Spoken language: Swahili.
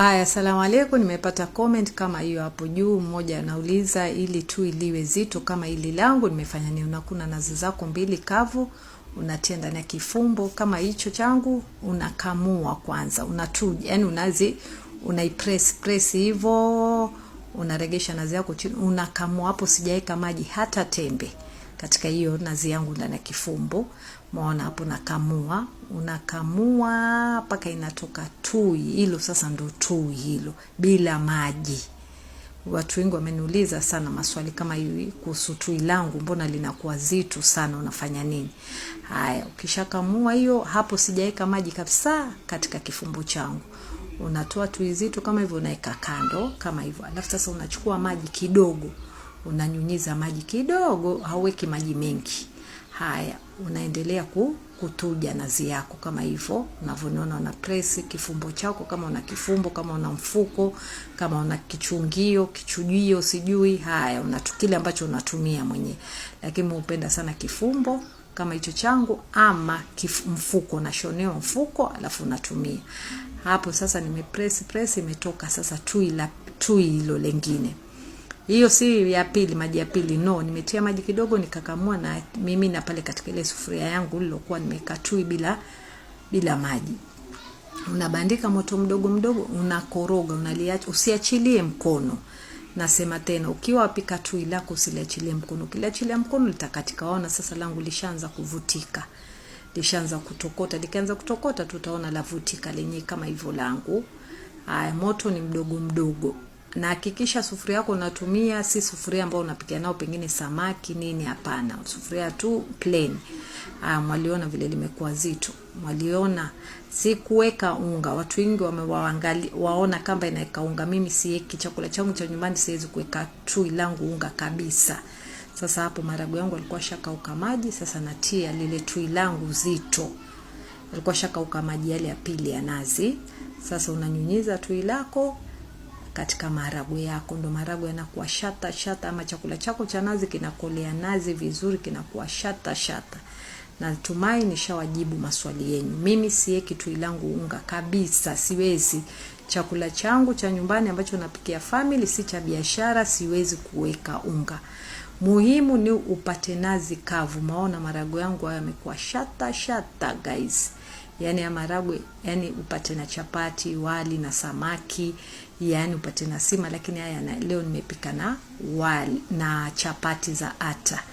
Aya, salamu alaykum. Nimepata comment kama hiyo hapo juu. Mmoja anauliza ili tu iliwe zito kama ili langu nimefanya nini? Unakuna nazi zako mbili kavu, unatia ndani ya kifumbo kama hicho changu, unakamua kwanza, unatuja yani unazi unaipress press hivyo, unaregesha nazi yako chini, unakamua hapo. Sijaweka maji hata tembe katika hiyo nazi yangu ndani ya kifumbu Maona hapo nakamua, unakamua mpaka inatoka tui hilo. Sasa ndo tui hilo bila maji. Watu wengi wameniuliza sana maswali kama hivi kuhusu tui langu, mbona linakuwa zitu sana, unafanya nini? Haya, ukishakamua hiyo hapo, sijaweka maji kabisa katika kifumbu changu. Unatoa tui zitu kama hivyo, unaweka kando kama hivyo, alafu sasa unachukua maji kidogo unanyunyiza maji kidogo, hauweki maji mengi. Haya, unaendelea ku, kutuja nazi yako kama hivyo unavyoniona, una press kifumbo chako, kama una kifumbo, kama una mfuko, kama una kichungio, kichujio, sijui. Haya, una kile ambacho unatumia mwenye lakini upenda sana kifumbo kama hicho changu ama kifu, mfuko nashonewa mfuko, alafu unatumia hapo. Sasa nimepress press, imetoka sasa tui la tui hilo lengine. Hiyo si ya pili, maji ya pili no, nimetia maji kidogo nikakamua na mimi na pale katika ile sufuria yangu lilokuwa nimekatui bila bila maji. Unabandika moto mdogo mdogo, unakoroga, unaliacha, usiachilie mkono. Nasema tena, ukiwa wapika tui lako usiliachilie mkono. Ukiliachilia mkono litakatika. Waona sasa langu lishaanza kuvutika, lishaanza kutokota. Likianza kutokota, tutaona lavutika lenyewe kama hivyo langu. Haya, moto ni mdogo mdogo na hakikisha sufuria yako unatumia si sufuria ambayo unapikia nao pengine samaki nini, hapana, sufuria tu plain. Ah, mwaliona vile limekuwa zito, mwaliona si kuweka unga. Watu wengi wamewaangalia waona kamba inaweka unga. Mimi sieki chakula changu cha nyumbani siwezi kuweka tui langu unga kabisa. Sasa hapo maragu yangu alikuwa shakauka maji, sasa natia lile tui langu zito, alikuwa shakauka maji yale ya pili ya nazi. Sasa unanyunyiza tui lako katika maharagwe yako, ndo maharagwe yanakuwa shata shata, ama chakula chako cha nazi kinakolea nazi vizuri, kinakuwa shata shata. Natumai nishawajibu maswali yenu. Mimi siweki tui langu unga kabisa, siwezi. Chakula changu cha nyumbani ambacho napikia family, si cha biashara, siwezi kuweka unga. Muhimu ni upate nazi kavu. Maona marago yangu hayo yamekuwa shata shata, guys yani ya maragwe, yani upate na chapati, wali na samaki, yani upate na sima, lakini haya leo nimepika na wali na chapati za ata.